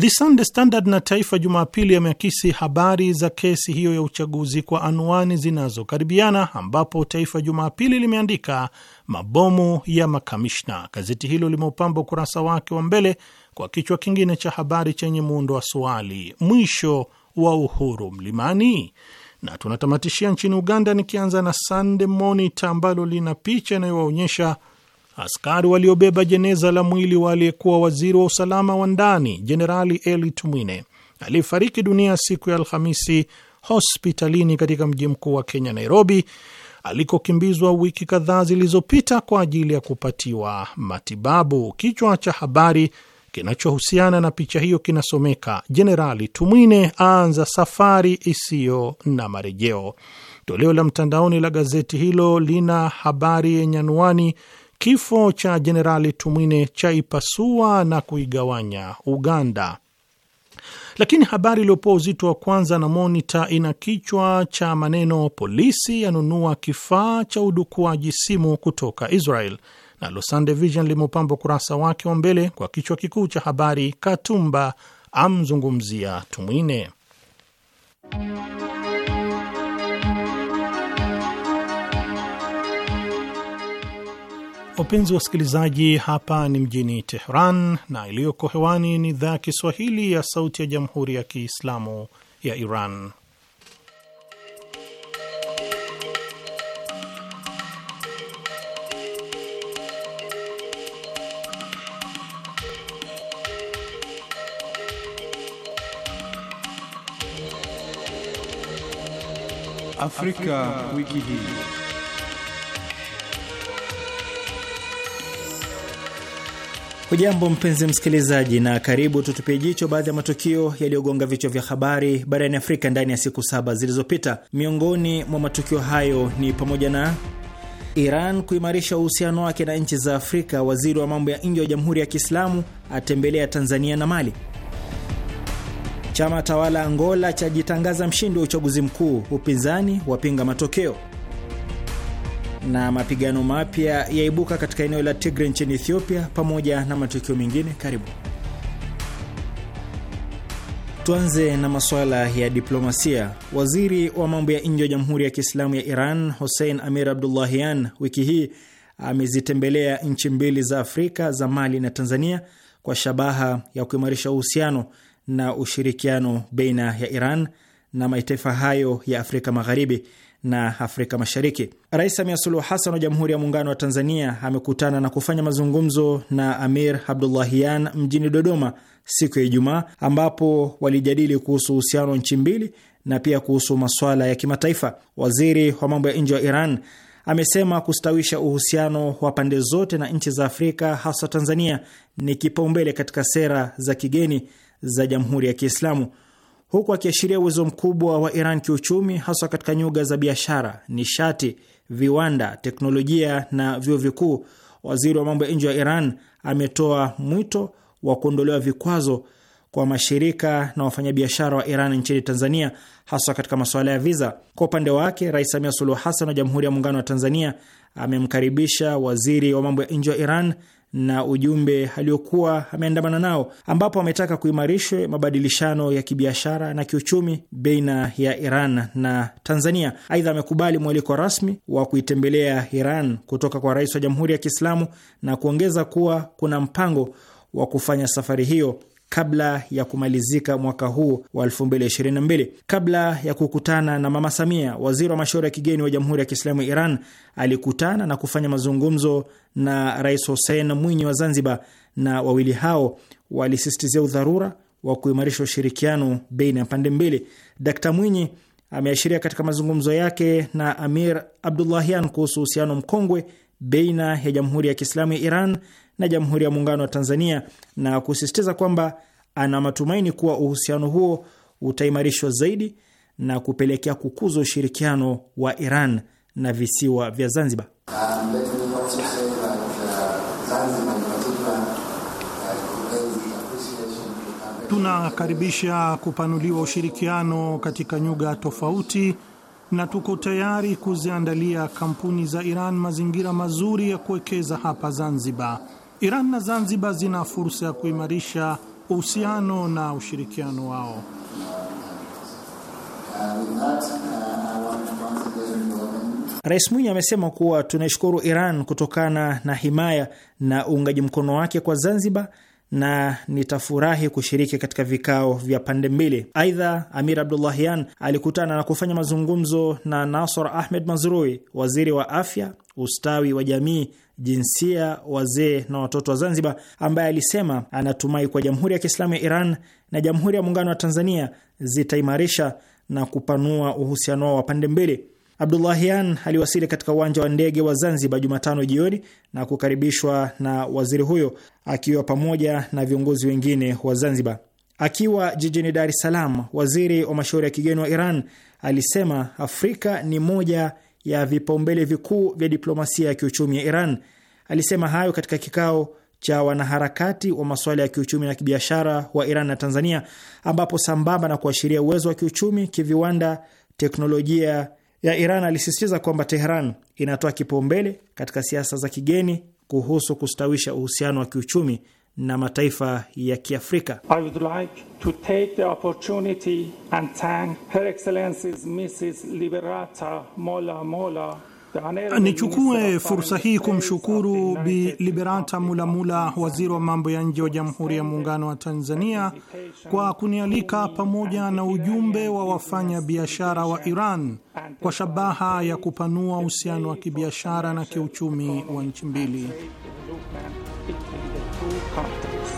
The Sunday Standard na Taifa Jumapili yameakisi habari za kesi hiyo ya uchaguzi kwa anwani zinazokaribiana, ambapo Taifa Jumapili limeandika mabomu ya makamishna. Gazeti hilo limeupamba ukurasa wake wa mbele kwa kichwa kingine cha habari chenye muundo wa swali, mwisho wa uhuru mlimani? na tunatamatishia nchini Uganda, nikianza na Sunday Monitor ambalo lina picha inayowaonyesha askari waliobeba jeneza la mwili wa aliyekuwa waziri wa usalama wa ndani Jenerali Eli Tumwine aliyefariki dunia siku ya Alhamisi hospitalini katika mji mkuu wa Kenya, Nairobi, alikokimbizwa wiki kadhaa zilizopita kwa ajili ya kupatiwa matibabu. Kichwa cha habari Kinachohusiana na picha hiyo kinasomeka Jenerali Tumwine aanza safari isiyo na marejeo. Toleo la mtandaoni la gazeti hilo lina habari yenye anwani kifo cha Jenerali Tumwine chaipasua na kuigawanya Uganda. Lakini habari iliyopoa uzito wa kwanza na Monita ina kichwa cha maneno polisi yanunua kifaa cha udukuaji simu kutoka Israel nalo Sunday Vision limeupamba ukurasa wake wa mbele kwa kichwa kikuu cha habari, Katumba amzungumzia Tumwine. Wapenzi wasikilizaji, hapa ni mjini Teheran na iliyoko hewani ni idhaa ya Kiswahili ya Sauti ya Jamhuri ya Kiislamu ya Iran. Afrika, wiki hii. Hujambo mpenzi msikilizaji, na karibu tutupie jicho baadhi ya matukio yaliyogonga vichwa vya habari barani Afrika ndani ya siku saba zilizopita. Miongoni mwa matukio hayo ni pamoja na Iran kuimarisha uhusiano wake na nchi za Afrika. Waziri wa mambo ya nje wa Jamhuri ya Kiislamu atembelea Tanzania na Mali. Chama tawala Angola chajitangaza mshindi wa uchaguzi mkuu, upinzani wapinga matokeo. Na mapigano mapya yaibuka katika eneo la tigre nchini Ethiopia, pamoja na matukio mengine. Karibu tuanze na masuala ya diplomasia. Waziri wa mambo ya nje wa Jamhuri ya Kiislamu ya Iran Hussein Amir Abdullahian wiki hii amezitembelea nchi mbili za Afrika za Mali na Tanzania kwa shabaha ya kuimarisha uhusiano na ushirikiano baina ya Iran na mataifa hayo ya Afrika Magharibi na Afrika Mashariki. Rais Samia Suluhu Hassan wa Jamhuri ya Muungano wa Tanzania amekutana na kufanya mazungumzo na Amir Abdullahian mjini Dodoma siku ya Ijumaa, ambapo walijadili kuhusu uhusiano wa nchi mbili na pia kuhusu masuala ya kimataifa. Waziri wa mambo ya nje wa Iran amesema kustawisha uhusiano wa pande zote na nchi za Afrika, hasa Tanzania, ni kipaumbele katika sera za kigeni za Jamhuri ya Kiislamu, huku akiashiria uwezo mkubwa wa Iran kiuchumi, haswa katika nyuga za biashara, nishati, viwanda, teknolojia na vyuo vikuu. Waziri wa mambo ya nje wa Iran ametoa mwito wa kuondolewa vikwazo kwa mashirika na wafanyabiashara wa Iran nchini Tanzania, haswa katika masuala ya viza. Kwa upande wake, Rais Samia Suluhu Hassan wa Jamhuri ya Muungano wa Tanzania amemkaribisha waziri wa mambo ya nje wa Iran na ujumbe aliokuwa ameandamana nao, ambapo ametaka kuimarishwe mabadilishano ya kibiashara na kiuchumi baina ya Iran na Tanzania. Aidha, amekubali mwaliko rasmi wa kuitembelea Iran kutoka kwa rais wa Jamhuri ya Kiislamu na kuongeza kuwa kuna mpango wa kufanya safari hiyo kabla ya kumalizika mwaka huu wa 2022. Kabla ya kukutana na Mama Samia, waziri wa mashauri ya kigeni wa Jamhuri ya Kiislamu ya Iran alikutana na kufanya mazungumzo na Rais Hussein Mwinyi wa Zanzibar, na wawili hao walisisitizia udharura wa kuimarisha ushirikiano baina ya pande mbili. Dkt Mwinyi ameashiria katika mazungumzo yake na Amir Abdullahian kuhusu uhusiano mkongwe baina ya Jamhuri ya Kiislamu ya Iran na Jamhuri ya Muungano wa Tanzania na kusisitiza kwamba ana matumaini kuwa uhusiano huo utaimarishwa zaidi na kupelekea kukuza ushirikiano wa Iran na visiwa vya Zanzibar. Tunakaribisha kupanuliwa ushirikiano katika nyuga tofauti na tuko tayari kuziandalia kampuni za Iran mazingira mazuri ya kuwekeza hapa Zanzibar Iran na Zanzibar zina fursa ya kuimarisha uhusiano na ushirikiano wao. Rais Mwinyi amesema kuwa tunashukuru Iran kutokana na himaya na uungaji mkono wake kwa Zanzibar na nitafurahi kushiriki katika vikao vya pande mbili. Aidha, Amir Abdullahian alikutana na kufanya mazungumzo na Nasor Ahmed Mazrui, waziri wa afya, ustawi wa jamii jinsia, wazee na watoto wa Zanzibar, ambaye alisema anatumai kwa Jamhuri ya Kiislamu ya Iran na Jamhuri ya Muungano wa Tanzania zitaimarisha na kupanua uhusiano wao wa pande mbili. Abdullahian aliwasili katika uwanja wa ndege wa Zanzibar Jumatano jioni na kukaribishwa na waziri huyo akiwa pamoja na viongozi wengine wa Zanzibar. Akiwa jijini Dar es Salaam, waziri wa mashauri ya kigeni wa Iran alisema Afrika ni moja ya vipaumbele vikuu vya diplomasia ya kiuchumi ya Iran. Alisema hayo katika kikao cha wanaharakati wa masuala ya kiuchumi na kibiashara wa Iran na Tanzania, ambapo sambamba na kuashiria uwezo wa kiuchumi, kiviwanda, teknolojia ya Iran, alisisitiza kwamba Tehran inatoa kipaumbele katika siasa za kigeni kuhusu kustawisha uhusiano wa kiuchumi na mataifa ya Kiafrika. I would like to take the opportunity and thank Her Mrs. Liberata Mola Mola Nichukue fursa hii kumshukuru Bi Liberata Mulamula, waziri wa mambo ya nje wa Jamhuri ya Muungano wa Tanzania, kwa kunialika pamoja na ujumbe wa wafanyabiashara wa Iran kwa shabaha ya kupanua uhusiano wa kibiashara na kiuchumi wa nchi mbili confidence.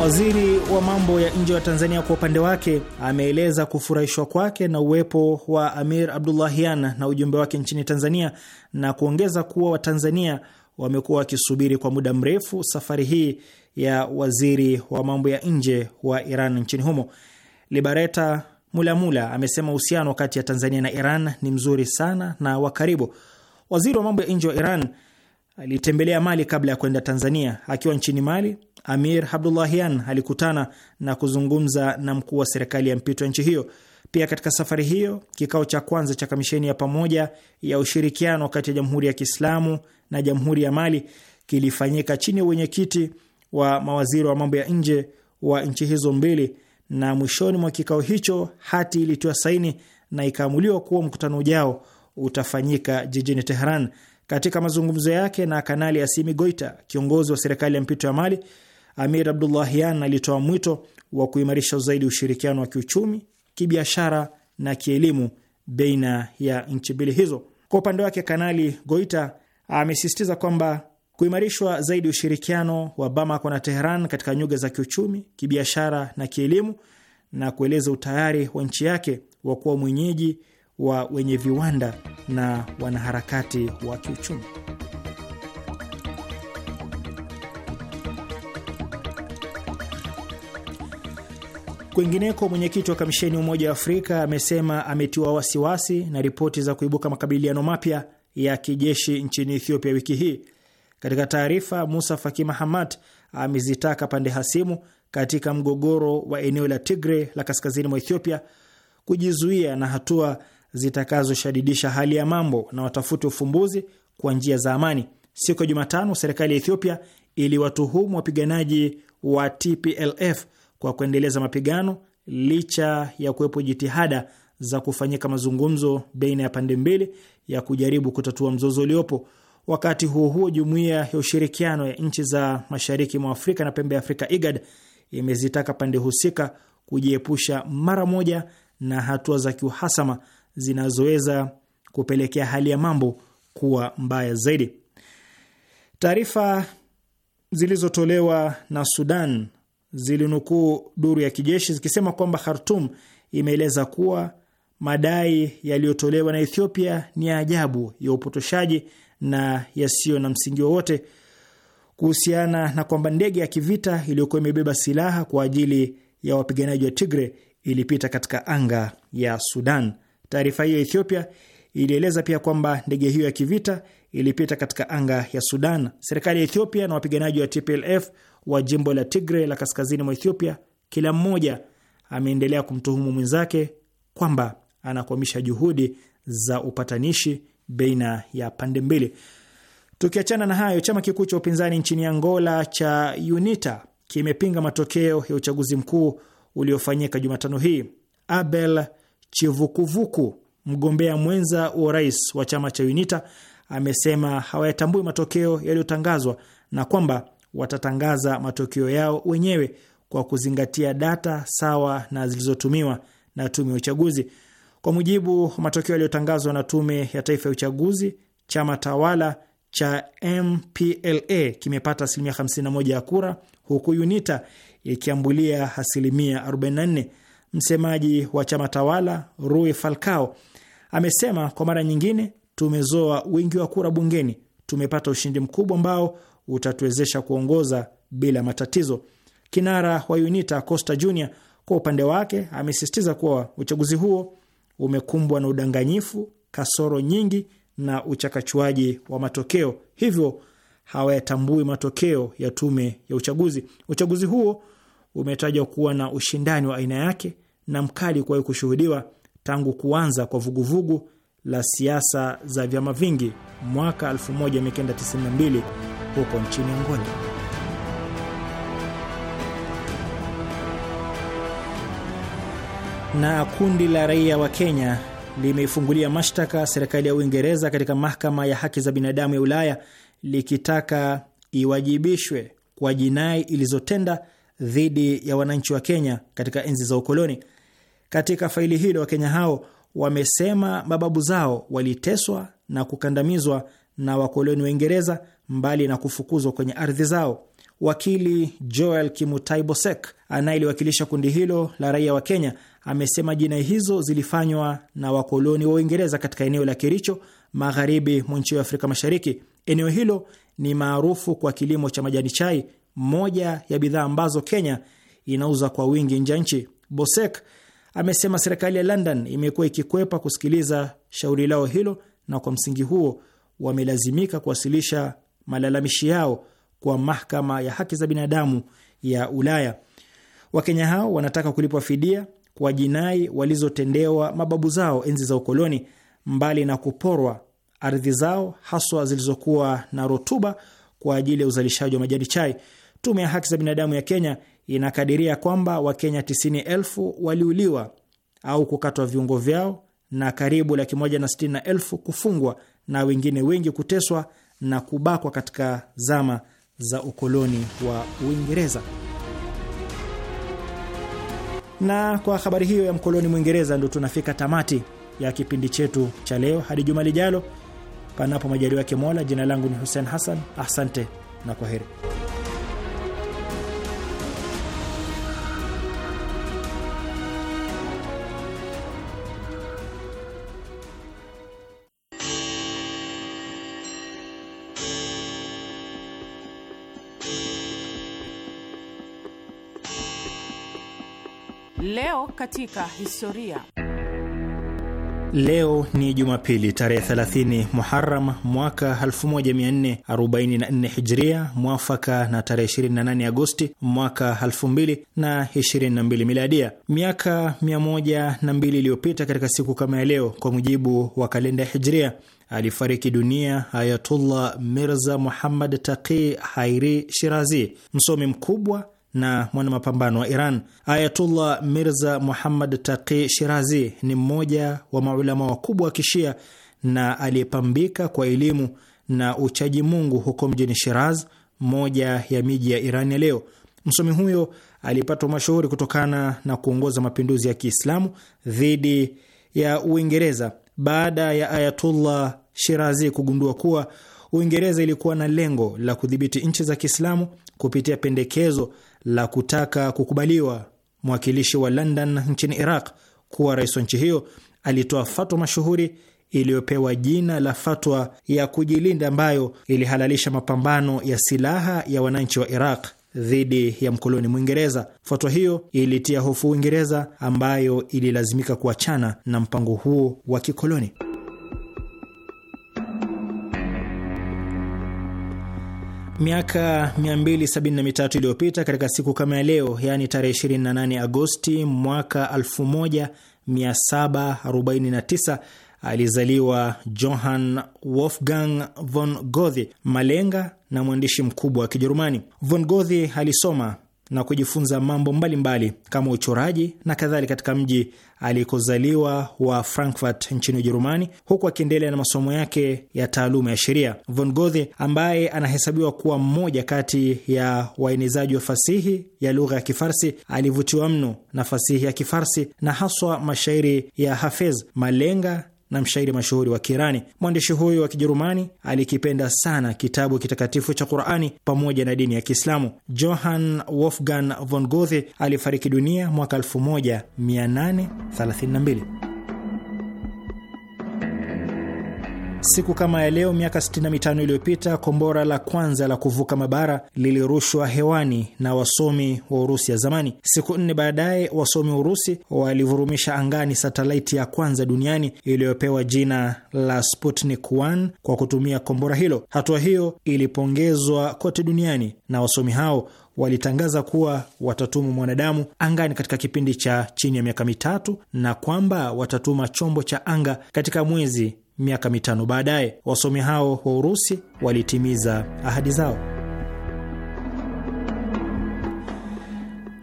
Waziri wa mambo ya nje wa Tanzania kwa upande wake ameeleza kufurahishwa kwake na uwepo wa Amir Abdullahian na ujumbe wake nchini Tanzania na kuongeza kuwa Watanzania wamekuwa wakisubiri kwa muda mrefu safari hii ya waziri wa mambo ya nje wa Iran nchini humo. Libareta Mulamula amesema uhusiano kati ya Tanzania na Iran ni mzuri sana na wa karibu. Waziri wa mambo ya nje wa Iran alitembelea Mali kabla ya kwenda Tanzania. Akiwa nchini Mali, Amir Abdullahian alikutana na kuzungumza na mkuu wa serikali ya mpito ya nchi hiyo. Pia katika safari hiyo, kikao cha kwanza cha kamisheni ya pamoja ya ushirikiano kati ya Jamhuri ya Kiislamu na Jamhuri ya Mali kilifanyika chini ya uwenyekiti wa mawaziri wa mambo ya nje wa nchi hizo mbili, na mwishoni mwa kikao hicho hati ilitiwa saini na ikaamuliwa kuwa mkutano ujao utafanyika jijini Tehran. Katika mazungumzo yake na Kanali Asimi Goita, kiongozi wa serikali ya mpito ya Mali, Amir Abdullahian alitoa mwito wa kuimarisha zaidi ushirikiano wa kiuchumi, kibiashara na kielimu baina ya nchi mbili hizo. Kwa upande wake, Kanali Goita amesisitiza kwamba kuimarishwa zaidi ushirikiano wa Bamako na Teheran katika nyuga za kiuchumi, kibiashara na kielimu, na kueleza utayari wa nchi yake wa kuwa mwenyeji wa wenye viwanda na wanaharakati wa kiuchumi. Kwingineko, mwenyekiti wa kamisheni Umoja wa Afrika amesema ametiwa wasiwasi na ripoti za kuibuka makabiliano mapya ya kijeshi nchini Ethiopia wiki hii. Katika taarifa, Musa Faki Mahamat amezitaka pande hasimu katika mgogoro wa eneo la Tigre la kaskazini mwa Ethiopia kujizuia na hatua zitakazoshadidisha hali ya mambo na watafute ufumbuzi kwa njia za amani. Siku ya Jumatano, serikali ya Ethiopia iliwatuhumu wapiganaji wa TPLF kwa kuendeleza mapigano licha ya kuwepo jitihada za kufanyika mazungumzo baina ya pande mbili ya kujaribu kutatua mzozo uliopo. Wakati huo huo, jumuiya ya ushirikiano ya nchi za mashariki mwa Afrika na pembe ya Afrika, IGAD, imezitaka pande husika kujiepusha mara moja na hatua za kiuhasama zinazoweza kupelekea hali ya mambo kuwa mbaya zaidi. Taarifa zilizotolewa na Sudan zilinukuu duru ya kijeshi zikisema kwamba Khartum imeeleza kuwa madai yaliyotolewa na Ethiopia ni ya ajabu, ya upotoshaji na yasiyo na msingi wowote kuhusiana na kwamba ndege ya kivita iliyokuwa imebeba silaha kwa ajili ya wapiganaji wa Tigre ilipita katika anga ya Sudan. Taarifa hiyo ya Ethiopia ilieleza pia kwamba ndege hiyo ya kivita ilipita katika anga ya Sudan. Serikali ya Ethiopia na wapiganaji wa TPLF wa jimbo la Tigre la kaskazini mwa Ethiopia, kila mmoja ameendelea kumtuhumu mwenzake kwamba anakwamisha juhudi za upatanishi baina ya pande mbili. Tukiachana na hayo, chama kikuu cha upinzani nchini Angola cha UNITA kimepinga matokeo ya uchaguzi mkuu uliofanyika Jumatano hii. Abel Chivukuvuku, mgombea mwenza wa urais wa chama cha UNITA, amesema hawayatambui matokeo yaliyotangazwa na kwamba watatangaza matokeo yao wenyewe kwa kuzingatia data sawa na zilizotumiwa na tume ya uchaguzi. Kwa mujibu wa matokeo yaliyotangazwa na tume ya taifa ya uchaguzi, chama tawala cha MPLA kimepata asilimia 51 ya kura huku UNITA ikiambulia asilimia 44 msemaji wa chama tawala Rui Falcao amesema kwa mara nyingine, tumezoa wingi wa kura bungeni, tumepata ushindi mkubwa ambao utatuwezesha kuongoza bila matatizo. Kinara wa UNITA Costa Junior kwa upande wake amesisitiza kuwa uchaguzi huo umekumbwa na udanganyifu, kasoro nyingi na uchakachuaji wa matokeo, hivyo hawayatambui matokeo ya tume ya uchaguzi. Uchaguzi huo umetajwa kuwa na ushindani wa aina yake na mkali kuwahi kushuhudiwa tangu kuanza kwa vuguvugu vugu la siasa za vyama vingi mwaka 1992 huko nchini Angola. na kundi la raia wa Kenya limeifungulia mashtaka serikali ya Uingereza katika mahakama ya haki za binadamu ya Ulaya likitaka iwajibishwe kwa jinai ilizotenda dhidi ya wananchi wa Kenya katika enzi za ukoloni. Katika faili hilo, Wakenya hao wamesema mababu zao waliteswa na kukandamizwa na wakoloni wa ingereza mbali na kufukuzwa kwenye ardhi zao. Wakili Joel Kimutai Bosek anayeliwakilisha kundi hilo la raia wa Kenya amesema jinai hizo zilifanywa na wakoloni wa Uingereza katika eneo la Kericho, magharibi mwa nchi ya Afrika Mashariki. Eneo hilo ni maarufu kwa kilimo cha majani chai, moja ya bidhaa ambazo Kenya inauza kwa wingi nje ya nchi. Bosek amesema serikali ya London imekuwa ikikwepa kusikiliza shauri lao hilo, na kwa msingi huo wamelazimika kuwasilisha malalamishi yao kwa mahakama ya haki za binadamu ya Ulaya. Wakenya hao wanataka kulipwa fidia kwa jinai walizotendewa mababu zao enzi za ukoloni, mbali na kuporwa ardhi zao haswa zilizokuwa na rutuba kwa ajili ya uzalishaji wa majani chai. Tume ya haki za binadamu ya Kenya inakadiria kwamba Wakenya 90,000 waliuliwa au kukatwa viungo vyao na karibu laki moja na sitini na elfu kufungwa na wengine wengi kuteswa na kubakwa katika zama za ukoloni wa Uingereza. Na kwa habari hiyo ya mkoloni Mwingereza, ndo tunafika tamati ya kipindi chetu cha leo. Hadi juma lijalo, panapo majaliwa yake Mola. Jina langu ni Hussein Hassan, asante na kwa heri. Leo katika historia. Leo ni Jumapili tarehe 30 muharam mwaka 1444 Hijria, mwafaka na tarehe 28 Agosti mwaka 2022 Miladia. Miaka 102 iliyopita katika siku kama ya leo, kwa mujibu wa kalenda ya Hijria, alifariki dunia Ayatullah Mirza Muhammad Taqi Hairi Shirazi, msomi mkubwa na mwanamapambano wa Iran. Ayatullah Mirza Muhammad Taqi Shirazi ni mmoja wa maulama wakubwa wa Kishia na aliyepambika kwa elimu na uchaji Mungu huko mjini Shiraz, moja ya miji ya Iran ya leo. Msomi huyo alipatwa mashuhuri kutokana na kuongoza mapinduzi ya Kiislamu dhidi ya Uingereza baada ya Ayatullah Shirazi kugundua kuwa Uingereza ilikuwa na lengo la kudhibiti nchi za Kiislamu kupitia pendekezo la kutaka kukubaliwa mwakilishi wa London nchini Iraq kuwa rais wa nchi hiyo alitoa fatwa mashuhuri iliyopewa jina la fatwa ya kujilinda, ambayo ilihalalisha mapambano ya silaha ya wananchi wa Iraq dhidi ya mkoloni Mwingereza. Fatwa hiyo ilitia hofu Uingereza, ambayo ililazimika kuachana na mpango huo wa kikoloni. Miaka 273 iliyopita katika siku kama ya leo, yaani tarehe 28 Agosti mwaka 1749 alizaliwa Johann Wolfgang von Goethe, malenga na mwandishi mkubwa wa Kijerumani. Von Goethe alisoma na kujifunza mambo mbalimbali mbali, kama uchoraji na kadhalika katika mji alikozaliwa wa Frankfurt nchini Ujerumani, huku akiendelea na masomo yake ya taaluma ya sheria. Von Goethe ambaye anahesabiwa kuwa mmoja kati ya waenezaji wa fasihi ya lugha ya Kifarsi alivutiwa mno na fasihi ya Kifarsi na haswa mashairi ya Hafez, Malenga na mshairi mashuhuri wa Kirani. Mwandishi huyo wa Kijerumani alikipenda sana kitabu kitakatifu cha Qurani pamoja na dini ya Kiislamu. Johann Wolfgang von Goethe alifariki dunia mwaka 1832. Siku kama ya leo miaka 65 iliyopita kombora la kwanza la kuvuka mabara lilirushwa hewani na wasomi wa Urusi ya zamani. Siku nne baadaye, wasomi wa Urusi walivurumisha angani satelaiti ya kwanza duniani iliyopewa jina la Sputnik 1 kwa kutumia kombora hilo. Hatua hiyo ilipongezwa kote duniani na wasomi hao walitangaza kuwa watatuma mwanadamu angani katika kipindi cha chini ya miaka mitatu na kwamba watatuma chombo cha anga katika mwezi miaka mitano baadaye. Wasomi hao wa Urusi walitimiza ahadi zao.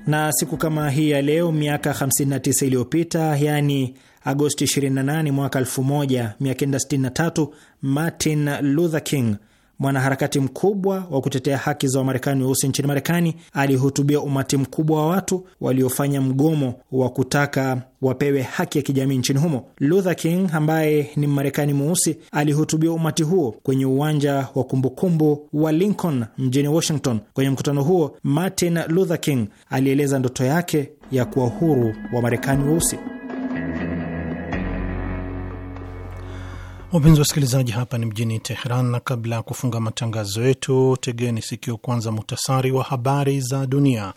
Na siku kama hii ya leo miaka 59 iliyopita, yani Agosti 28 mwaka 1963, Martin Luther King mwanaharakati mkubwa wa kutetea haki za Wamarekani weusi nchini Marekani, alihutubia umati mkubwa wa watu waliofanya mgomo wa kutaka wapewe haki ya kijamii nchini humo. Luther King ambaye ni Mmarekani mweusi alihutubia umati huo kwenye uwanja wa kumbukumbu wa Lincoln mjini Washington. Kwenye mkutano huo, Martin Luther King alieleza ndoto yake ya kuwa huru wa Marekani weusi. Wapenzi wa wasikilizaji, hapa ni mjini Teheran, na kabla ya kufunga matangazo yetu, tegeni sikio kwanza muhtasari wa habari za dunia.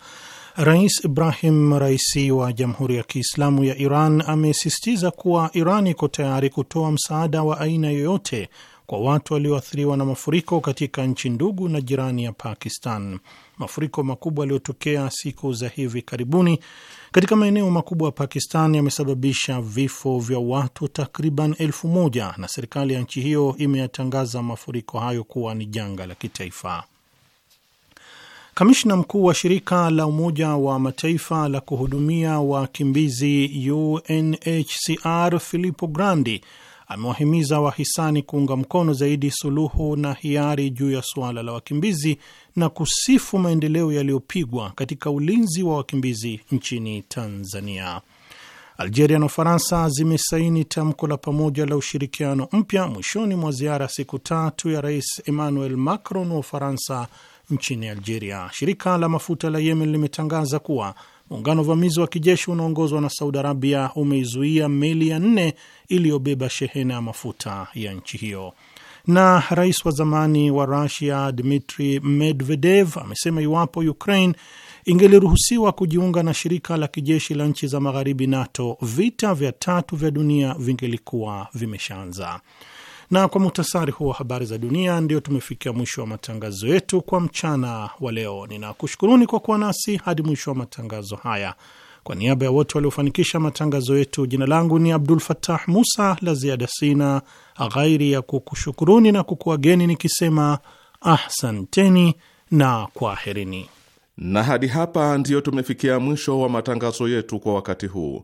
Rais Ibrahim Raisi wa Jamhuri ya Kiislamu ya Iran amesisitiza kuwa Iran iko tayari kutoa msaada wa aina yoyote kwa watu walioathiriwa na mafuriko katika nchi ndugu na jirani ya Pakistan. Mafuriko makubwa yaliyotokea siku za hivi karibuni katika maeneo makubwa ya Pakistan yamesababisha vifo vya watu takriban elfu moja na serikali ya nchi hiyo imeyatangaza mafuriko hayo kuwa ni janga la kitaifa. Kamishna mkuu wa shirika la Umoja wa Mataifa la kuhudumia wakimbizi UNHCR Filippo Grandi amewahimiza wahisani kuunga mkono zaidi suluhu na hiari juu ya suala la wakimbizi na kusifu maendeleo yaliyopigwa katika ulinzi wa wakimbizi nchini Tanzania. Algeria na Ufaransa zimesaini tamko la pamoja la ushirikiano mpya mwishoni mwa ziara siku tatu ya Rais Emmanuel Macron wa Ufaransa nchini Algeria. Shirika la mafuta la Yemen limetangaza kuwa Muungano uvamizi wa kijeshi unaongozwa na Saudi Arabia umeizuia meli ya nne iliyobeba shehena ya mafuta ya nchi hiyo. Na rais wa zamani wa Rusia Dmitri Medvedev amesema iwapo Ukraine ingeliruhusiwa kujiunga na shirika la kijeshi la nchi za magharibi NATO, vita vya tatu vya dunia vingelikuwa vimeshaanza. Na kwa muhtasari huo habari za dunia, ndio tumefikia mwisho wa matangazo yetu kwa mchana wa leo. Ninakushukuruni kwa kuwa nasi hadi mwisho wa matangazo haya. Kwa niaba ya wote waliofanikisha matangazo yetu, jina langu ni Abdul fatah Musa. La ziada sina ghairi ya kukushukuruni na kukuageni nikisema ahsanteni na kwaherini. Na hadi hapa ndiyo tumefikia mwisho wa matangazo yetu kwa wakati huu.